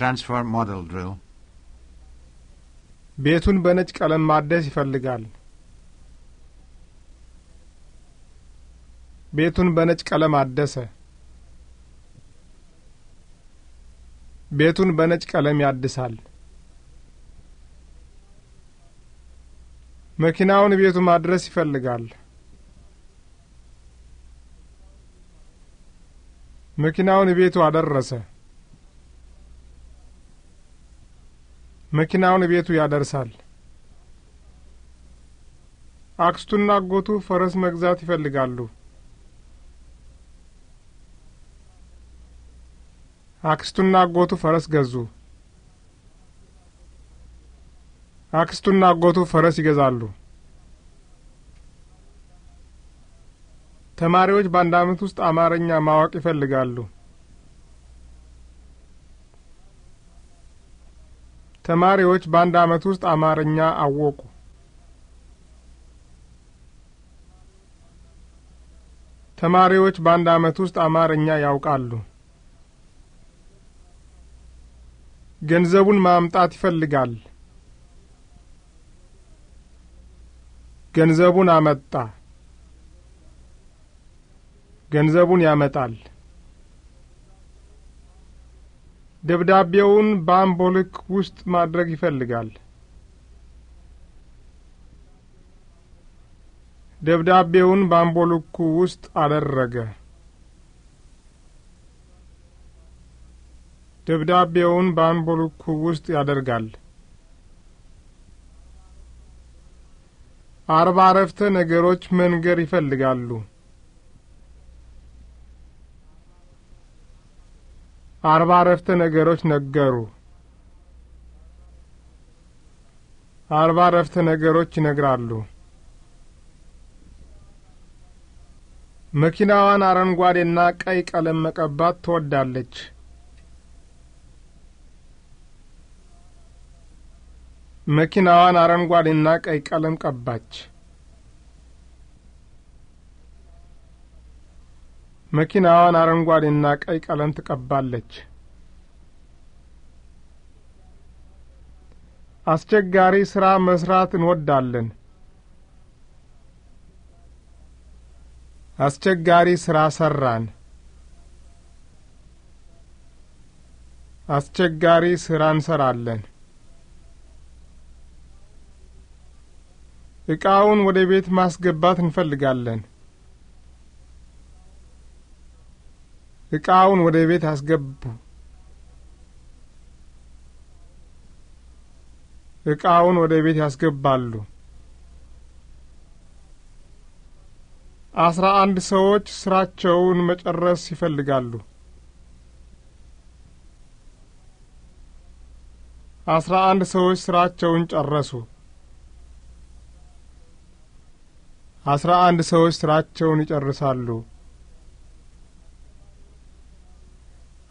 Transfer model drill. ቤቱን በነጭ ቀለም ማደስ ይፈልጋል። ቤቱን በነጭ ቀለም አደሰ። ቤቱን በነጭ ቀለም ያድሳል። መኪናውን ቤቱ ማድረስ ይፈልጋል። መኪናውን ቤቱ አደረሰ። መኪናውን ቤቱ ያደርሳል። አክስቱና አጎቱ ፈረስ መግዛት ይፈልጋሉ። አክስቱና አጎቱ ፈረስ ገዙ። አክስቱና አጎቱ ፈረስ ይገዛሉ። ተማሪዎች በአንድ ዓመት ውስጥ አማርኛ ማወቅ ይፈልጋሉ። ተማሪዎች በአንድ ዓመት ውስጥ አማርኛ አወቁ። ተማሪዎች በአንድ ዓመት ውስጥ አማርኛ ያውቃሉ። ገንዘቡን ማምጣት ይፈልጋል። ገንዘቡን አመጣ። ገንዘቡን ያመጣል። ደብዳቤውን በአምቦልክ ውስጥ ማድረግ ይፈልጋል። ደብዳቤውን በአምቦልኩ ውስጥ አደረገ። ደብዳቤውን በአምቦልኩ ውስጥ ያደርጋል። አርባ አረፍተ ነገሮች መንገር ይፈልጋሉ። አርባ አረፍተ ነገሮች ነገሩ። አርባ አረፍተ ነገሮች ይነግራሉ። መኪናዋን አረንጓዴና ቀይ ቀለም መቀባት ትወዳለች። መኪናዋን አረንጓዴና ቀይ ቀለም ቀባች። መኪናዋን አረንጓዴና ቀይ ቀለም ትቀባለች። አስቸጋሪ ስራ መስራት እንወዳለን። አስቸጋሪ ስራ ሰራን። አስቸጋሪ ስራ እንሰራለን። እቃውን ወደ ቤት ማስገባት እንፈልጋለን። እቃውን ወደ ቤት አስገቡ። እቃውን ወደ ቤት ያስገባሉ። አስራ አንድ ሰዎች ስራቸውን መጨረስ ይፈልጋሉ። አስራ አንድ ሰዎች ስራቸውን ጨረሱ። አስራ አንድ ሰዎች ስራቸውን ይጨርሳሉ።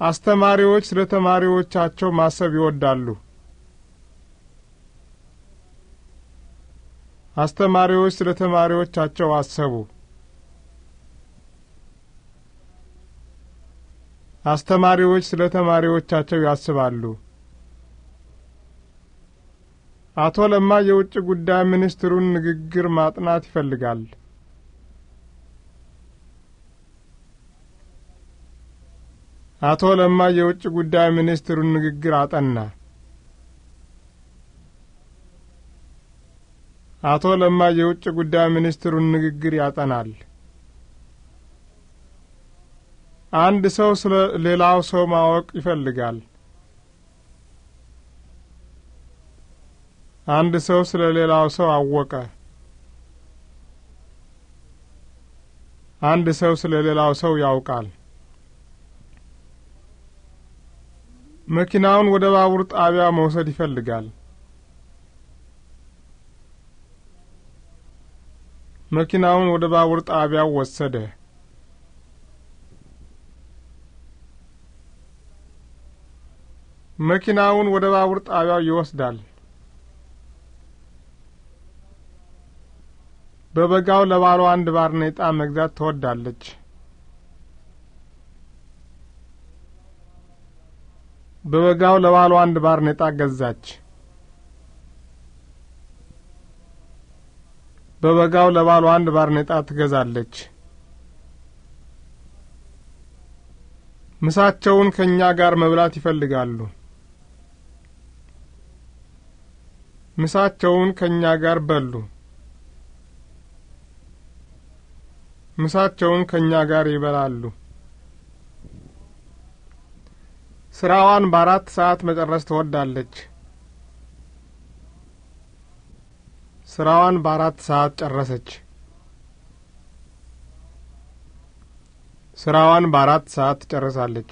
አስተማሪዎች ስለ ተማሪዎቻቸው ማሰብ ይወዳሉ። አስተማሪዎች ስለ ተማሪዎቻቸው አሰቡ። አስተማሪዎች ስለ ተማሪዎቻቸው ያስባሉ። አቶ ለማ የውጭ ጉዳይ ሚኒስትሩን ንግግር ማጥናት ይፈልጋል። አቶ ለማ የውጭ ጉዳይ ሚኒስትሩን ንግግር አጠና። አቶ ለማ የውጭ ጉዳይ ሚኒስትሩን ንግግር ያጠናል። አንድ ሰው ስለ ሌላው ሰው ማወቅ ይፈልጋል። አንድ ሰው ስለ ሌላው ሰው አወቀ። አንድ ሰው ስለ ሌላው ሰው ያውቃል። መኪናውን ወደ ባቡር ጣቢያ መውሰድ ይፈልጋል። መኪናውን ወደ ባቡር ጣቢያው ወሰደ። መኪናውን ወደ ባቡር ጣቢያው ይወስዳል። በበጋው ለባሏ አንድ ባርኔጣ መግዛት ትወዳለች። በበጋው ለባሉ አንድ ባርኔጣ ገዛች። በበጋው ለባሉ አንድ ባርኔጣ ትገዛለች። ምሳቸውን ከእኛ ጋር መብላት ይፈልጋሉ። ምሳቸውን ከእኛ ጋር በሉ። ምሳቸውን ከእኛ ጋር ይበላሉ። ስራዋን በአራት ሰዓት መጨረስ ትወዳለች። ስራዋን በአራት ሰዓት ጨረሰች። ስራዋን በአራት ሰዓት ትጨርሳለች።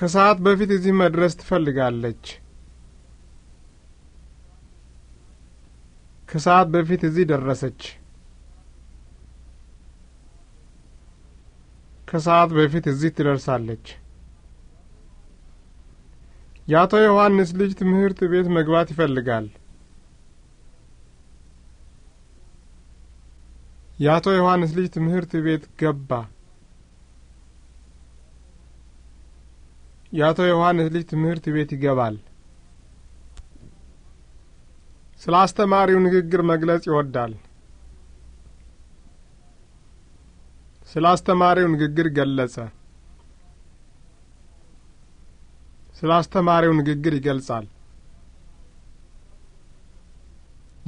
ከሰዓት በፊት እዚህ መድረስ ትፈልጋለች። ከሰዓት በፊት እዚህ ደረሰች። ከሰዓት በፊት እዚህ ትደርሳለች። የአቶ ዮሐንስ ልጅ ትምህርት ቤት መግባት ይፈልጋል። የአቶ ዮሐንስ ልጅ ትምህርት ቤት ገባ። የአቶ ዮሐንስ ልጅ ትምህርት ቤት ይገባል። ስለ አስተማሪው ንግግር መግለጽ ይወዳል። ስለ አስተማሪው ንግግር ገለጸ። ስለ አስተማሪው ንግግር ይገልጻል።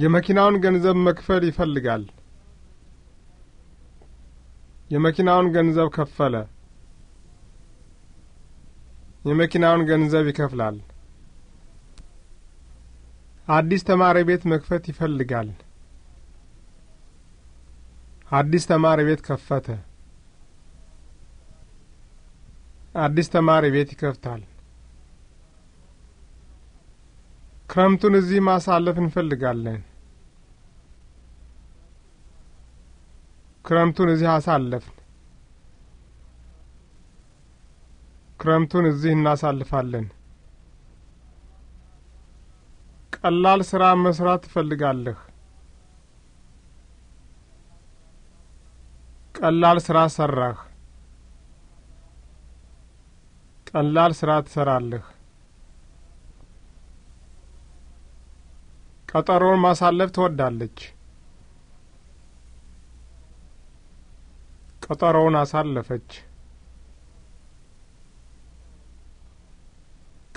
የመኪናውን ገንዘብ መክፈል ይፈልጋል። የመኪናውን ገንዘብ ከፈለ። የመኪናውን ገንዘብ ይከፍላል። አዲስ ተማሪ ቤት መክፈት ይፈልጋል። አዲስ ተማሪ ቤት ከፈተ። አዲስ ተማሪ ቤት ይከፍታል። ክረምቱን እዚህ ማሳለፍ እንፈልጋለን። ክረምቱን እዚህ አሳለፍን። ክረምቱን እዚህ እናሳልፋለን። ቀላል ስራ መስራት ትፈልጋለህ። ቀላል ስራ ሰራህ። ቀላል ስራ ትሰራለህ። ቀጠሮውን ማሳለፍ ትወዳለች። ቀጠሮውን አሳለፈች።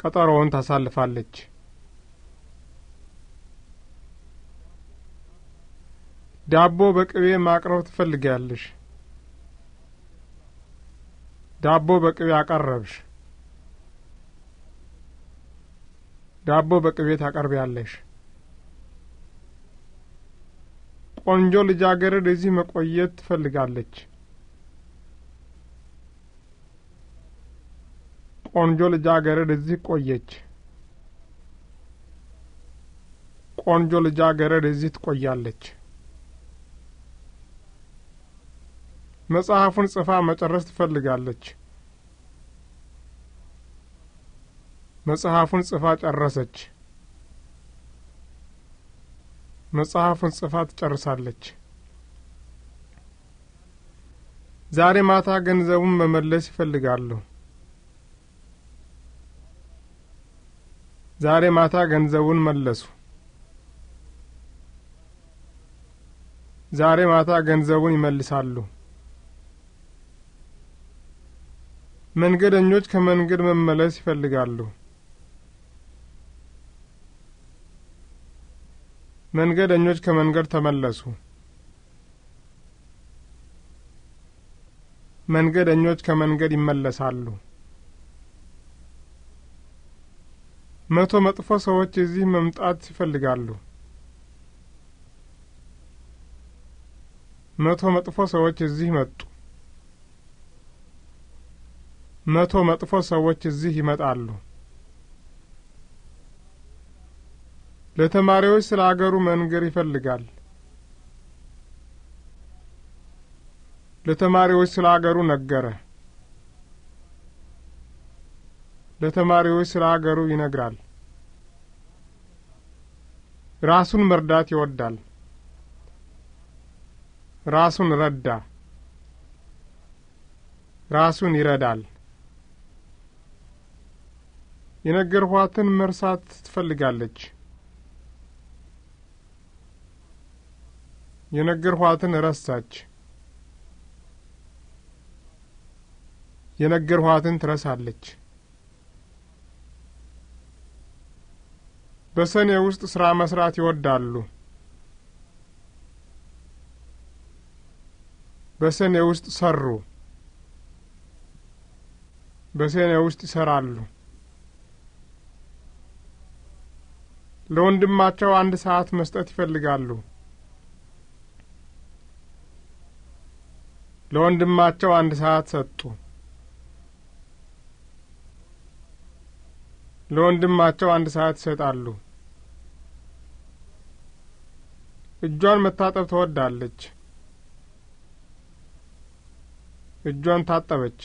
ቀጠሮውን ታሳልፋለች። ዳቦ በቅቤ ማቅረብ ትፈልጊያለሽ። ዳቦ በቅቤ አቀረብሽ። ዳቦ በቅቤ ታቀርቢያለሽ። ቆንጆ ልጃገረድ እዚህ መቆየት ትፈልጋለች። ቆንጆ ልጃገረድ እዚህ ቆየች። ቆንጆ ልጃገረድ እዚህ ትቆያለች። መጽሐፉን ጽፋ መጨረስ ትፈልጋለች። መጽሐፉን ጽፋ ጨረሰች። መጽሐፉን ጽፋ ትጨርሳለች። ዛሬ ማታ ገንዘቡን መመለስ ይፈልጋሉ። ዛሬ ማታ ገንዘቡን መለሱ። ዛሬ ማታ ገንዘቡን ይመልሳሉ። መንገደኞች ከመንገድ መመለስ ይፈልጋሉ። መንገደኞች ከመንገድ ተመለሱ። መንገደኞች ከመንገድ ይመለሳሉ። መቶ መጥፎ ሰዎች እዚህ መምጣት ይፈልጋሉ። መቶ መጥፎ ሰዎች እዚህ መጡ። መቶ መጥፎ ሰዎች እዚህ ይመጣሉ። ለተማሪዎች ስለ አገሩ መንገር ይፈልጋል። ለተማሪዎች ስለ አገሩ ነገረ። ለተማሪዎች ስለ አገሩ ይነግራል። ራሱን መርዳት ይወዳል። ራሱን ረዳ። ራሱን ይረዳል። የነገርኋትን መርሳት ትፈልጋለች። የነገርኋትን ረሳች። የነገርኋትን ትረሳለች። በሰኔ ውስጥ ስራ መስራት ይወዳሉ። በሰኔ ውስጥ ሰሩ። በሰኔ ውስጥ ይሰራሉ። ለወንድማቸው አንድ ሰዓት መስጠት ይፈልጋሉ። ለወንድማቸው አንድ ሰዓት ሰጡ። ለወንድማቸው አንድ ሰዓት ይሰጣሉ። እጇን መታጠብ ትወዳለች። እጇን ታጠበች።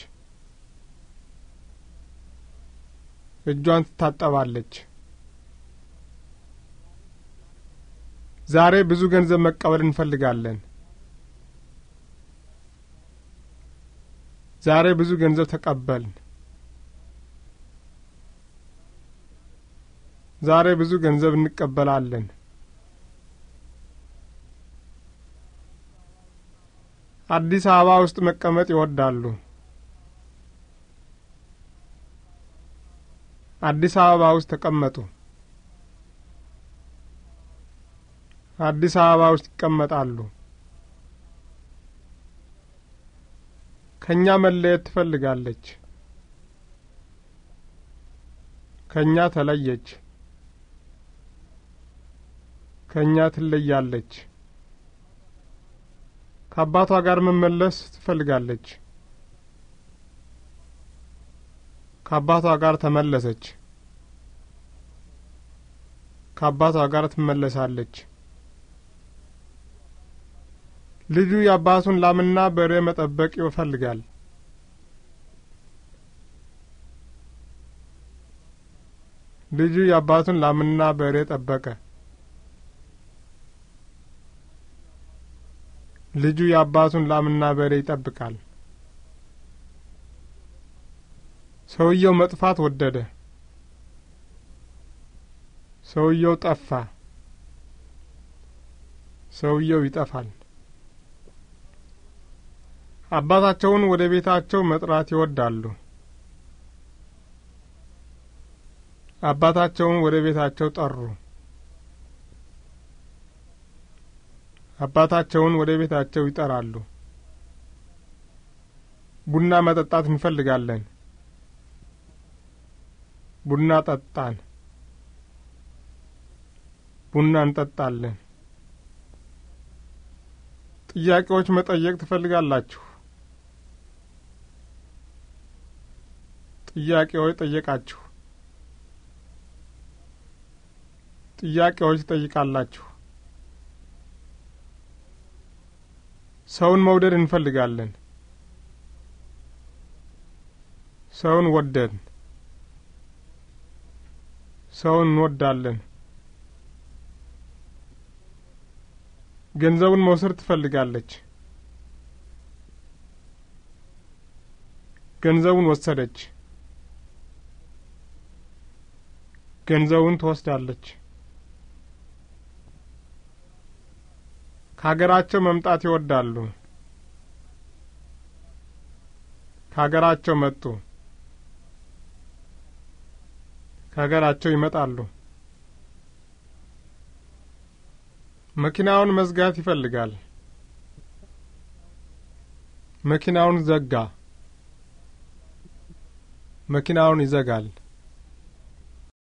እጇን ትታጠባለች። ዛሬ ብዙ ገንዘብ መቀበል እንፈልጋለን። ዛሬ ብዙ ገንዘብ ተቀበልን። ዛሬ ብዙ ገንዘብ እንቀበላለን። አዲስ አበባ ውስጥ መቀመጥ ይወዳሉ። አዲስ አበባ ውስጥ ተቀመጡ። አዲስ አበባ ውስጥ ይቀመጣሉ። ከእኛ መለየት ትፈልጋለች። ከእኛ ተለየች። ከእኛ ትለያለች። ከአባቷ ጋር መመለስ ትፈልጋለች። ከአባቷ ጋር ተመለሰች። ከአባቷ ጋር ትመለሳለች። ልጁ የአባቱን ላምና በሬ መጠበቅ ይፈልጋል። ልጁ የአባቱን ላምና በሬ ጠበቀ። ልጁ የአባቱን ላምና በሬ ይጠብቃል። ሰውየው መጥፋት ወደደ። ሰውየው ጠፋ። ሰውየው ይጠፋል። አባታቸውን ወደ ቤታቸው መጥራት ይወዳሉ። አባታቸውን ወደ ቤታቸው ጠሩ። አባታቸውን ወደ ቤታቸው ይጠራሉ። ቡና መጠጣት እንፈልጋለን። ቡና ጠጣን። ቡና እንጠጣለን። ጥያቄዎች መጠየቅ ትፈልጋላችሁ? ጥያቄዎች ጠየቃችሁ። ጥያቄዎች ትጠይቃላችሁ። ሰውን መውደድ እንፈልጋለን። ሰውን ወደን። ሰውን እንወዳለን። ገንዘቡን መውሰድ ትፈልጋለች። ገንዘቡን ወሰደች። ገንዘቡን ትወስዳለች። ከሀገራቸው መምጣት ይወዳሉ። ከሀገራቸው መጡ። ከሀገራቸው ይመጣሉ። መኪናውን መዝጋት ይፈልጋል። መኪናውን ዘጋ። መኪናውን ይዘጋል።